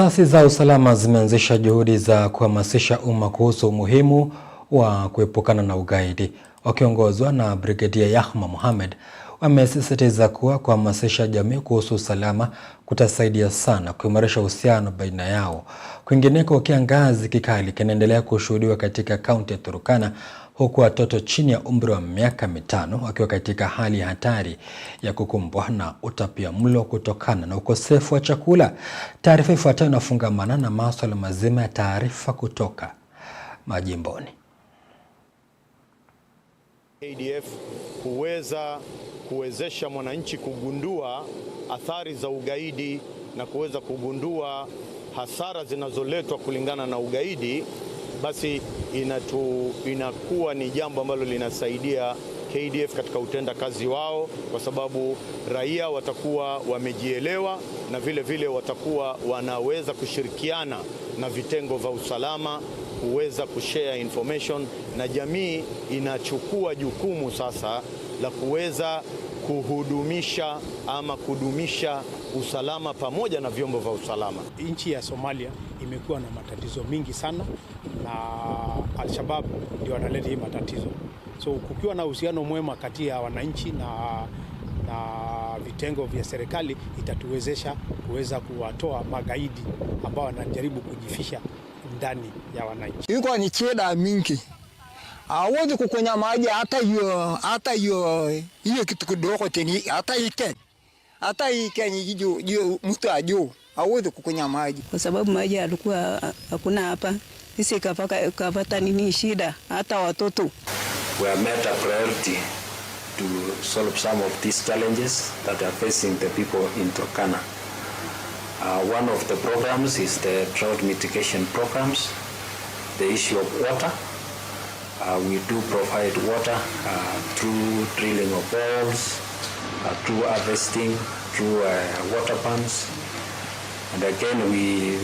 Asasi za usalama zimeanzisha juhudi za kuhamasisha umma kuhusu umuhimu wa kuepukana na ugaidi. Wakiongozwa na Brigedia yahma Mohamed, wamesisitiza kuwa kuhamasisha jamii kuhusu usalama kutasaidia sana kuimarisha uhusiano baina yao. Kwingineko, kiangazi kikali kinaendelea kushuhudiwa katika kaunti ya Turkana huku watoto chini ya umri wa miaka mitano wakiwa katika hali hatari ya kukumbwa na utapiamlo kutokana na ukosefu wa chakula. Taarifa ifuatayo inafungamana na maswala mazima ya taarifa kutoka majimboni. ADF huweza kuwezesha mwananchi kugundua athari za ugaidi na kuweza kugundua hasara zinazoletwa kulingana na ugaidi basi inatu, inakuwa ni jambo ambalo linasaidia KDF katika utenda kazi wao, kwa sababu raia watakuwa wamejielewa na vile vile watakuwa wanaweza kushirikiana na vitengo vya usalama kuweza kushare information na jamii inachukua jukumu sasa la kuweza kuhudumisha ama kudumisha usalama pamoja na vyombo vya usalama. Nchi ya Somalia imekuwa na matatizo mingi sana, na Al-Shabab ndio wanaleta hii matatizo. So kukiwa na uhusiano mwema kati ya wananchi na, na vitengo vya serikali itatuwezesha kuweza kuwatoa magaidi ambao wanajaribu kujifisha ndani ya wananchi. Ilikuwa ni cheda mingi hawezi kukunya maji hata hiyo hata hiyo hiyo kitu kidogo teni hata iken hata iken juu juu mtu ajuu hawezi kukunya maji kwa sababu maji alikuwa hakuna hapa. Sisi kapaka kapata nini shida hata watoto. We have made a priority to solve some of these challenges that are facing the people in Turkana. Uh, one of the programs is the drought mitigation programs, the issue of water Uh, we do provide water uh, through drilling of wells, uh, through harvesting, through uh, water pumps. And again, we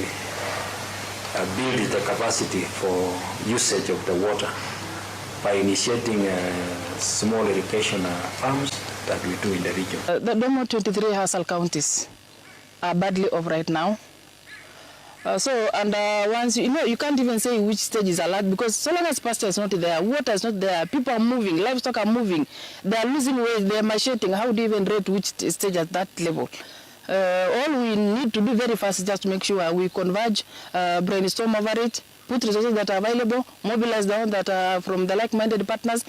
uh, build the capacity for usage of the water by initiating uh, small irrigation uh, farms that we do in the region. Uh, the Domo 23 Hassel counties are uh, badly off right now. Uh, so and uh, once you know you can't even say which stage is alert because so long as pasture is not there, water is not there, people are moving, livestock are moving, they are losing weight, they are machining. How do you even rate which stage at that level? Uh, all we need to do very fast is just to make sure we converge, uh, brainstorm over it, put resources that are available, mobilize the ones that are from the like-minded partners.